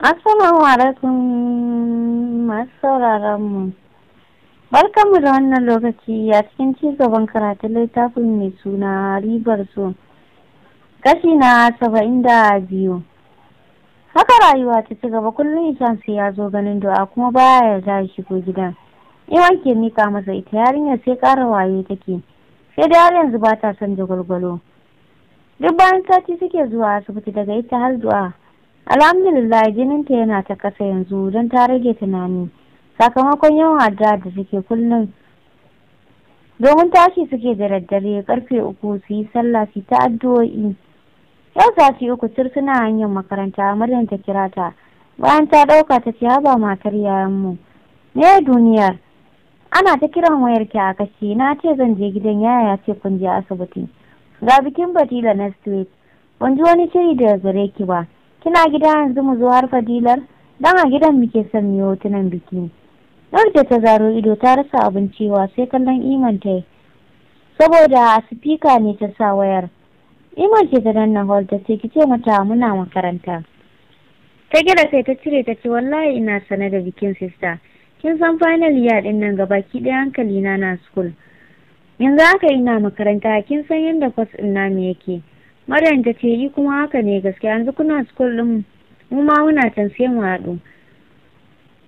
Assalamu alaikum masu sauraron mu. Barkanmu da wannan lokaci a cikin ci gaban karatun littafin mai suna ribar so. Kashi na saba'in da biyu. Haka rayuwa ta ci gaba kullum Ishan sai ya zo ganin do'a kuma baya yarda a shigo gidan. Iwan ke nika masa ita yarinyar sai ƙara waye take. Sai da har yanzu ba ta son jagwalgwalo. Duk bayan sati suke zuwa asibiti daga ita har du'a. alhamdulillah jininta yana ta kasa yanzu don ta rage tunani sakamakon yawan addu'a da suke kullum domin tashi suke da daddare karfe uku su yi sallah su ta addu'o'i yau sati uku tur suna hanyar makaranta maryam ta kira ta bayan ta ɗauka ta ce haba matar mu me duniyar ana ta kiran wayarki a kashi. na ce zan je gidan yaya ya ce kun je asibiti ga bikin batila na street ban ji wani shiri da gare ki ba kina gida yanzu mu zo har fadilar dan a gidan muke son mu hotunan biki da ta zaro ido ta rasa abin cewa sai kallon iman ta yi saboda a sifika ne ta sa wayar iman ce ta danna hall ta ce kice mata muna makaranta ta gida sai ta cire ta ce wallahi ina sane da bikin sista'. kin san final year din nan ki ɗaya hankali na na school yanzu haka ina makaranta kin san yadda kwas ɗin namu yake Madan ta ce yi kuma haka ne gaskiya yanzu kuna school din mu ma muna can sai mu haɗu.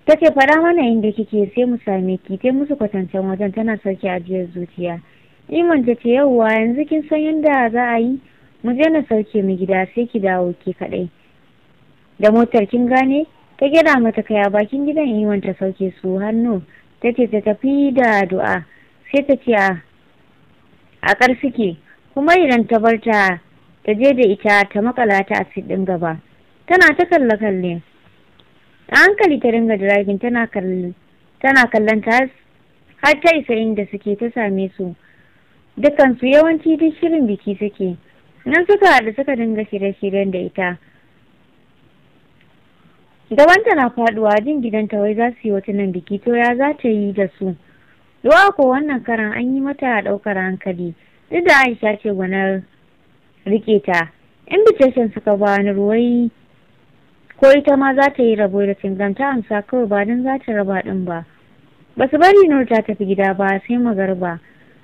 Ta ce faɗa mana inda kike sai mu same ki sai musu kwatancen wajen tana sauke ajiyar zuciya. Iman ta ce yauwa yanzu kin san yadda za a yi mu je na sauke mu gida sai ki dawo ke kaɗai. Da motar kin gane ta gyara mata kaya bakin gidan Iman ta sauke su hannu ta ce ta tafi da addu'a sai ta ce a ƙarshe ke. kuma idan ta bar ta ta je da ita ta makala ta a ɗin gaba tana ta kalle kalle a hankali ta ringa driving tana kallon ta har ta isa inda suke ta same su dukansu yawanci duk shirin biki suke nan suka haɗu suka dinga shirye-shiryen da ita gabanta na faduwa jin gidanta wai za su yi wata nan biki to ya za ta yi da su Duwa ko wannan karan an yi mata a ɗaukar hankali duk da Aisha ce gwanar rike ta in invitation suka ba bani ruwai ko ita ma za ta yi rabo da fingan ta amsa kawai ba don za ta raba din ba ba su bari nur ta tafi gida ba sai magarba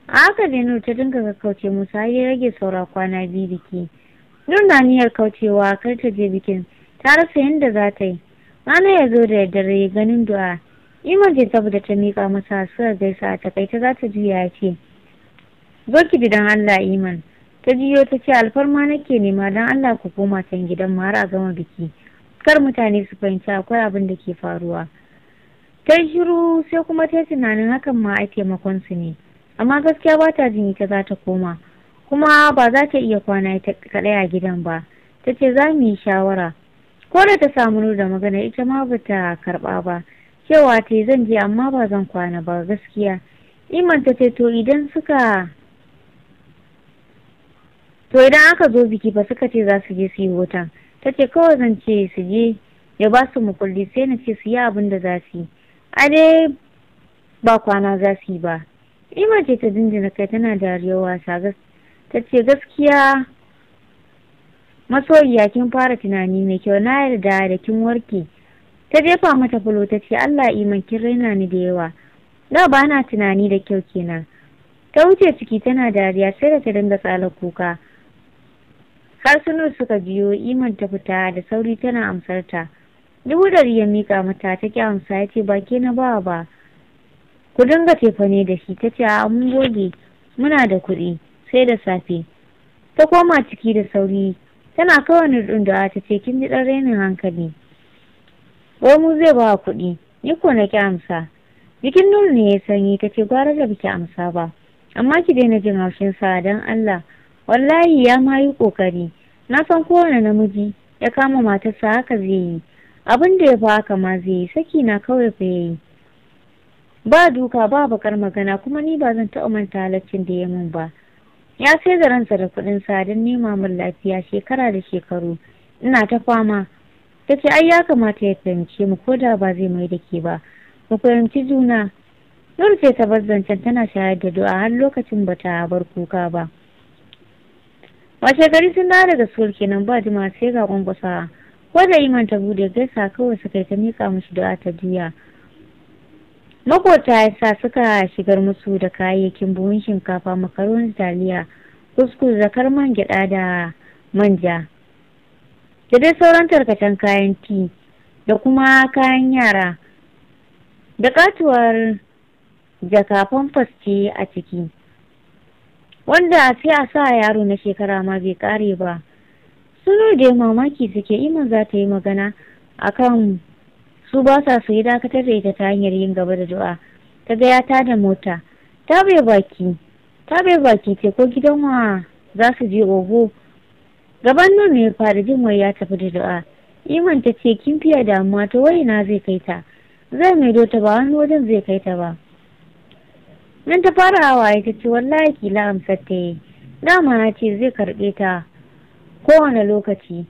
a haka da nur ta dinga kauce musa ya rage saura kwana biyu biki nur na niyyar kaucewa kar ta je bikin ta rasa yadda za ta yi rana ya zo da ya ganin du'a iman ce saboda ta miƙa masa suka gaisa a takaita za ta juya ya ce zo ki bi allah iman ta jiyo ta ce alfarma nake nema don Allah ku koma can gidan mu har a gama biki kar mutane su fahimci akwai abin da ke faruwa ta shiru sai kuma ta tunanin hakan ma ai taimakon su ne amma gaskiya ba ta jin ta za ta koma kuma ba za ta iya kwana ta kaɗai a gidan ba ta ce za mu yi shawara ko da ta samu da magana ita ma ba ta karɓa ba cewa ta zan je amma ba zan kwana ba gaskiya iman ta ce to idan suka to idan aka zo biki ba suka ce za su je su yi hoton ta ce kawai zan ce su je ya ba su mukulli sai na ce su yi abin da za su yi a dai ba kwana za su yi ba ima ce ta dindina kai tana dariya wasa ta ce gaskiya masoyiya kin fara tunani mai kyau na yarda da kin warke ta jefa mata fulo ta ce allah iman kin raina ni da yawa da ba na tunani da kyau kenan ta wuce ciki tana dariya sai da ta dinga tsala kuka har suka jiyo iman ta fita da sauri tana amsar ta dubu ya mika mata ta ki amsa ya ce baki na ba ba ku dinga tefa ne da shi ta ce a mun goge muna da kuɗi sai da safe ta koma ciki da sauri tana kawai nudundawa ta ce kin ji ɗan rainin hankali ko mu zai ba kuɗi ni ko na ki amsa jikin nuru ne ya sanyi ta ce gwara da biki amsa ba amma ki daina jin haushin sa don allah wallahi ya ma yi ƙoƙari na san kowane namiji ya kama matarsa haka zai yi abin da ya fi haka ma zai yi saki na kawai fa yayi ba duka ba bakar magana kuma ni ba zan taɓa manta halaccin da ya min ba ya sai da ransa da kuɗin sa don nema min lafiya shekara da shekaru ina ta fama ta ce ai ya kamata ya fahimce mu ko da ba zai mai da ke ba mu fahimci juna Nur ce ta zancen tana shayar da du'a har lokacin bata bar kuka ba. washe gari sun dawo daga school kenan ba jima sai ga kwankwasa ko da iman ta bude gaisa kawai suka ta miƙa musu da ta jiya makota ya sa suka shigar musu da kayayyakin buhun shinkafa makaroni taliya kuskus zakar man gyaɗa da manja da dai sauran tarkacen kayan ti da kuma kayan yara da katuwar jaka famfas ce a ciki wanda sai a sa yaro na shekara ma bai kare ba suno da mamaki suke iman za ta yi magana akan su ba sa su yi dakatar da ita ta hanyar yin gaba da du'a ta ga ya tada mota ta bai baki ta bai baki ce ko gidan wa za su je ogo gaban nan ne fara jin wai ya tafi da du'a iman ta ce kin fiye damuwa ta wai na zai kai ta zai mai dota ba wani wajen zai kai ta ba nan ta fara hawaye ta ce wallahi kila amsar ta yi dama ya ce zai karɓe ta kowane lokaci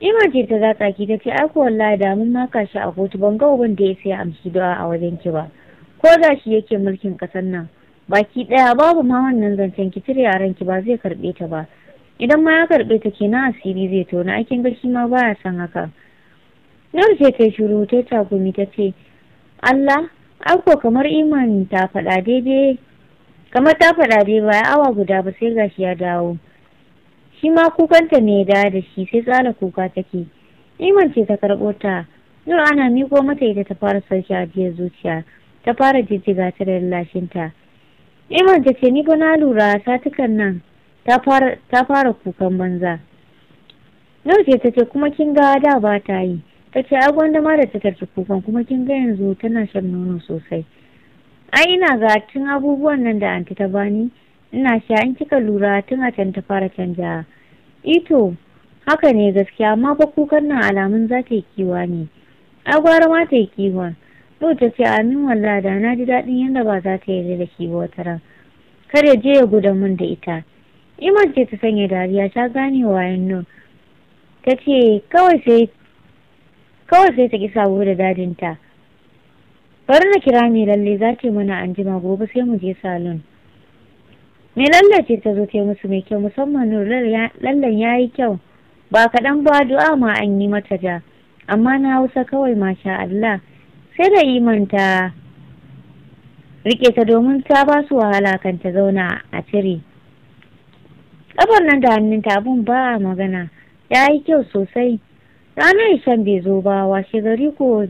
ima ce ta za tsaki ta ce aiko wallahi da mun maka shi a kotu ban ga uban da ya sai amshi do'a a wajen ki ba ko da shi yake mulkin ƙasar nan baki ɗaya babu ma wannan zancen ki cire yaran ki ba zai karɓe ta ba idan ma ya karɓe ta ke na asiri zai tona aikin gashi ma baya son haka. Nan ce ta shiru ta takumi ta ce, Allah Ako kamar iman ta faɗa daidai kamar ta faɗa dai baya awa guda ba sai gashi ya dawo shi ma kukanta ne da da shi sai tsala kuka take iman ce ta karɓo ta zuwa ana miko mata ita ta fara sauki jiya zuciya ta fara jijjiga ta da lashinta iman ta ce ni ba na lura satukan nan ta fara kukan banza Yau ce ta ce kuma kin ga da ba ta yi ta ce ai gwanda ma da ta tafi kukan kuma kin ga yanzu tana shan nono sosai ai ina ga tun abubuwan nan da anti ta bani ina sha in kika lura tun a can ta fara canja ito haka ne gaskiya amma fa kukan nan alamun za ta yi kiwa ne ai gwara ma ta yi kiwon Nuhu ta ce amin walla da na ji daɗin yadda ba za ta yi da kiwo ba wata ran. Kar ya je ya gudan min da ita. Iman ce ta sanya dariya ta gane wayan nan. Ta ce kawai sai kawai sai ta ki sabo da dadinta bari na kira mai lalle za ta mana an jima gobe sai mu je salon mai lalle ce ta zo ta yi musu mai kyau musamman nur lallen ya yi kyau ba kaɗan ba du'a ma an yi mata ja amma na hausa kawai masha Allah sai da imanta rike ta domin ta ba su wahala kan ta zauna a cire ƙafar nan da hannunta abun ba magana ya yi kyau sosai ranar isan bai zo ba washe gari ko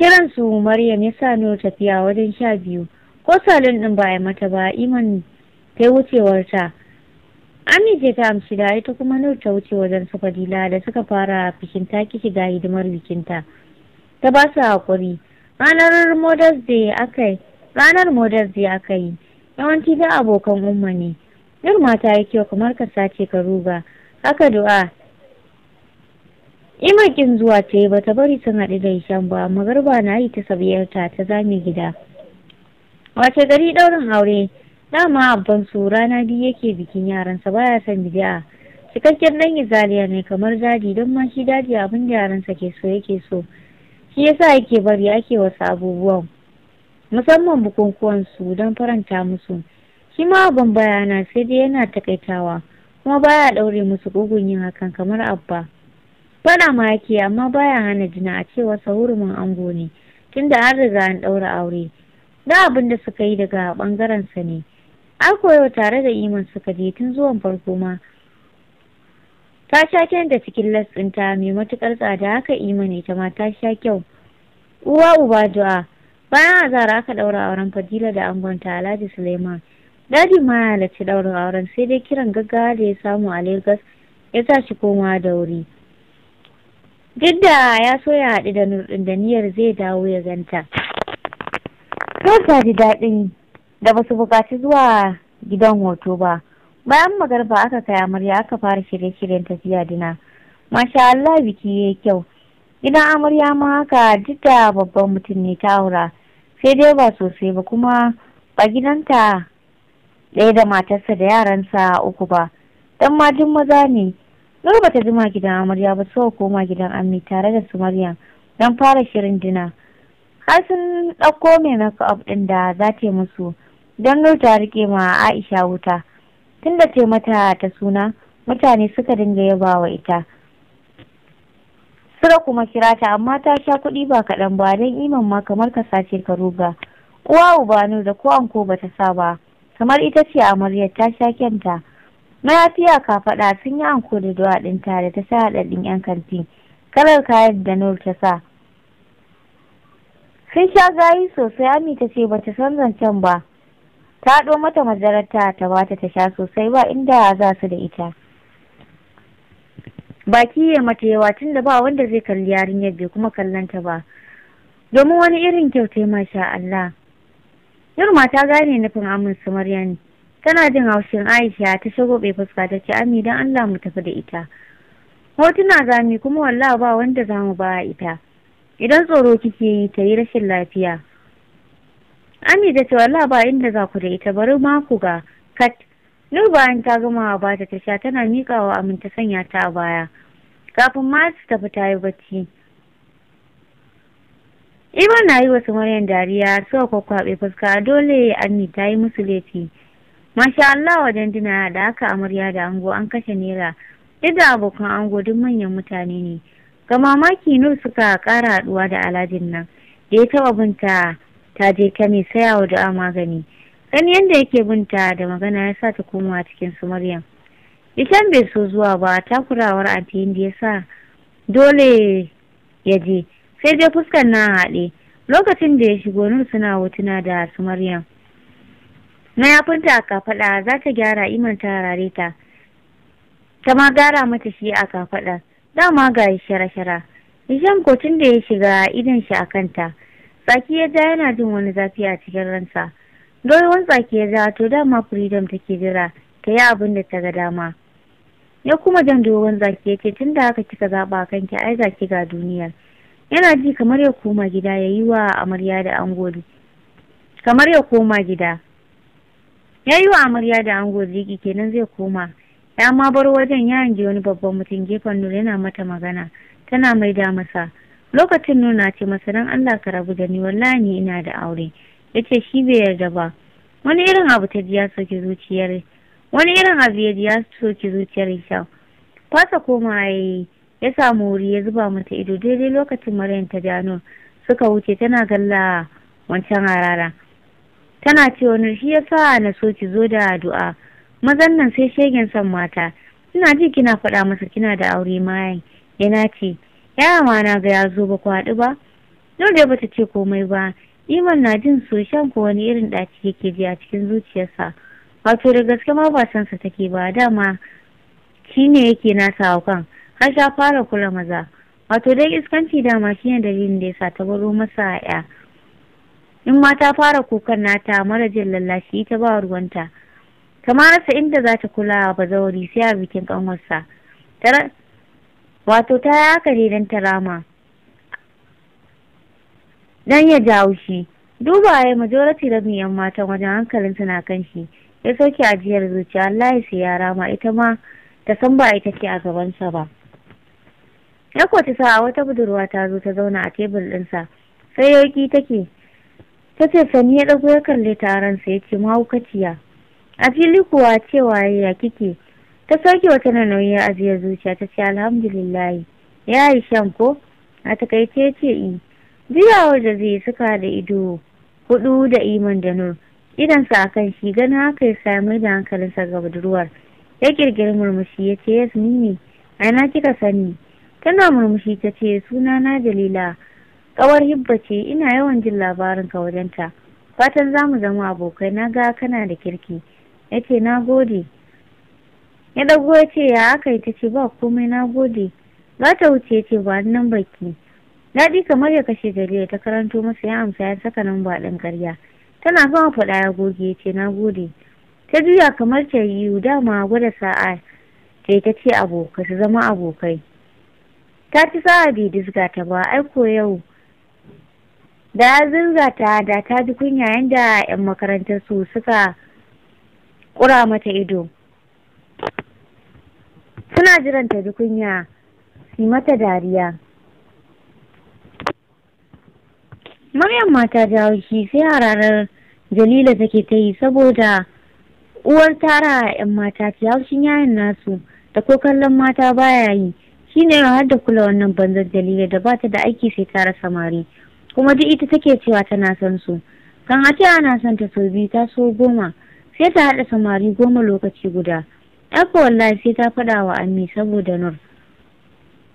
kiransu maryam ya sa nuna tafiya wajen sha biyu ko salon ɗin ba mata ba iman ta wucewar ta amince ta amshi da ita kuma nuna ta wuce wajen su fadila da suka fara fikin ta ki shiga hidimar bikinta ta ba su haƙuri ranar modas day aka ranar modas day aka yi yawanci da abokan umma ne nur mata ya kyau kamar ka sace ka ruga haka du'a Ima kin zuwa ta yi bata bari sun haɗu da Hisham ba magarba na yi ta sabiyarta ta zame gida. Wace gari ɗaurin aure dama abban su rana biyu yake bikin yaransa baya son bidiya. Cikakken dan izaliya ne kamar dadi don ma shi dadi abin da yaransa ke so yake so. Shi yasa yake bari ake wasu abubuwan musamman bukukuwan su don faranta musu. Shi ma abin bayana sai dai yana takaitawa kuma baya ɗaure musu ƙugun yin hakan kamar abba. fana ma yake amma baya hana jina a cewa sahurumin ango ne tunda an riga an ɗaura aure. Da abin da suka yi daga ɓangaren sa ne. Ai koyo tare da iman suka je tun zuwan farko ma. Ta sha kyan da cikin las mai matuƙar tsada haka iman ita ma ta sha kyau. Uwa uba du'a. Bayan azara aka ɗaura auren Fadila da angonta Alhaji Suleiman. Dadi ma ya halarci ɗaurin auren sai dai kiran gaggawa da ya samu a Legas ya sa shi komawa da wuri. duk da ya so ya haɗu da nurɗin da niyyar zai dawo ya ganta Nur ta ji daɗin da ba su buƙaci zuwa gidan hoto ba bayan magarba aka kai amarya aka fara shirye-shiryen tafiya dina masha Allah biki ya kyau gidan amarya ma haka duk da babban mutum ne ta aura sai dai ba sosai ba kuma ba gidanta ɗaya da matarsa da yaransa uku ba dan ma duk maza ne Nur bata jima gidan amarya ba suka koma gidan ammi tare da su Maryam don fara shirin dina. Har sun ɗauko mai makeup ɗin da za ta musu don Nuru ta rike ma Aisha wuta. Tunda ta mata ta suna mutane suka dinga yaba wa ita. Sura kuma kira ta amma ta sha kuɗi ba kaɗan ba don iman ma kamar ka sace ka ruga. Uwa uba da ko anko bata sa ba kamar ita ce amaryar ta sha kyanta. mayafiya kafaɗa sun yi anko da duwa ɗin tare ta sa haɗaɗɗin yan kanti kalar kayan da nur ta sa sun sha gayi sosai ami ta ce bata san zancen ba ta ɗo mata mazararta ta bata ta sha sosai ba inda za su da ita baki ya mata yawa tun da ba wanda zai kalli yarinyar bai kuma kallanta ba domin wani irin kyautai masha Allah Yurma mata gane nufin amin su Maryam tana jin haushin aisha ta shigo bai fuska ta ce ami don allah mu tafi da ita hotuna zami kuma wallah ba wanda za mu ba ita idan tsoro kike yi ta yi rashin lafiya ami da ce wallah ba inda za ku da ita bari ma ga kat nur bayan ta gama ba ta tasha tana miƙawa amin ta sanya ta a baya kafin ma su tafi ta yi bacci Iman na yi wasu maryan dariya suka kwakwaɓe fuska dole Ami ta yi musu laifi. Masha Allah wajen dina da aka amarya da ango an kashe naira duk abokan ango duk manyan mutane ne. Ga mamaki Nur suka kara haɗuwa da alhajin nan da ya taɓa binta ta je kane sayawa da magani. Gani yadda yake binta da magana ya sa ta komawa cikin su Maryam. Itan bai so zuwa ba ta kurawar antiyin da ya sa dole ya je sai dai fuskar na haɗe lokacin da ya shigo Nur suna hotuna da su Maryam. na yafinta a kafaɗa za ta gyara iman ta rare ta ta ma gara mata shi a kafaɗa dama ga shara-shara Hisham kotun da ya shiga idan shi a kanta tsaki ya ja yana jin wani zafi a cikin ransa doyewar tsaki ya ja to dama freedom take jira ta yi abin da ta ga dama ya kuma jan dogon zaki ya ce tun da haka kika zaɓa kanki ai zaki ga duniyar yana ji kamar ya koma gida ya yi wa amarya da angoli kamar ya koma gida ya yi wa amarya da ango ziki kenan zai koma ya ma bar wajen ya hange wani babban mutum gefen nuna yana mata magana tana mai da masa lokacin nuna ce masa dan Allah ka rabu da ni wallahi ni ina da aure Ya ce shi bai yarda ba wani irin abu ta ji ya soke zuciyar wani irin abu ya ji soke zuciyar fasa koma yayi ya samu wuri ya zuba mata ido daidai lokacin Maryam ta gano suka wuce tana galla wancan harara. tana ce wani shi ya yasa na so ki zo da addu'a mazan nan sai shegen son mata ina ji kina faɗa masa kina da aure mayan yana ce yaya ma na ga ya zo ba ku haɗu ba da bata ce komai ba iman na jin so shan ko wani irin ɗaci yake ji a cikin zuciyarsa wato da gaske ma ba san sa take ba dama shi ne yake nasawa kan har sha fara kula maza wato dai iskanci dama shi ne dalilin da ya sa ta baro masa ya in ma ta fara kukan nata mara jin lallashi ta ba ruwanta kamar sa inda za ta kula ba zauri sai a bikin kanwarsa wato ta yi haka ne don ta rama dan ya jawo shi duba ya majority da miyan matan wajen hankalin suna kan shi ya sauke ajiyar zuciya Allah ya sai yara ma ita ma ta san ba ita ce a gabansa ba ya sa sa'a wata budurwa ta zo ta zauna a tebul ɗinsa sai yauki take ta ce sani ya ɗago ya kalle taron sa ya ce mahaukaciya a fili kuwa cewa ya kike ta sauke wata na nauyin ajiye zuciya ta ce alhamdulillahi ya yi shan ko a takaice ce i eh. juyawar da zai suka da ido hudu da iman da nur idansa a kan shi ganin haka ya sami da hankalinsa ga budurwar ya kirkiri murmushi ya ce yasmin ne a ina kika sani tana murmushi ta ce suna na dalila Ƙawar Hibba ce ina yawan jin labarin wajen wajenta. Fatan za mu zama abokai na ga kana da kirki. Ya ce na gode. Ya ɗago ya ce ya aka yi ta ce ba komai na gode. Za ta wuce ya ce ba nan baki. Daɗi kamar ya kashe gari ta karanto masa ya amsa ya saka nan ba ɗan ƙarya. Tana sama faɗa ya goge ya ce na gode. Ta juya kamar ta yi dama gwada sa'a. Ta ta ce abokai su zama abokai. Ta ci sa'a bai dizga ta ba aiko yau. da ya ta, da ta ji kunya yadda 'yan makarantar su suka kura mata ido suna jiran ta ji kunya su mata dariya maryam mata da haushi sai a ranar jalila take ta yi saboda uwar tara 'yan mata ta haushin yayin nasu da ko kallon mata baya yi shine har da kula wannan banzar jalila da bata da aiki sai tara samari kuma duk ita take cewa tana son su kan a ce ana son ta sau biyu ta so goma sai ta haɗa samari goma lokaci guda ɗaka wallahi sai ta faɗa wa ammi saboda nur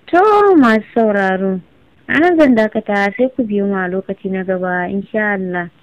to masu sauraro a nan zan dakata sai ku biyo ma lokaci na gaba insha Allah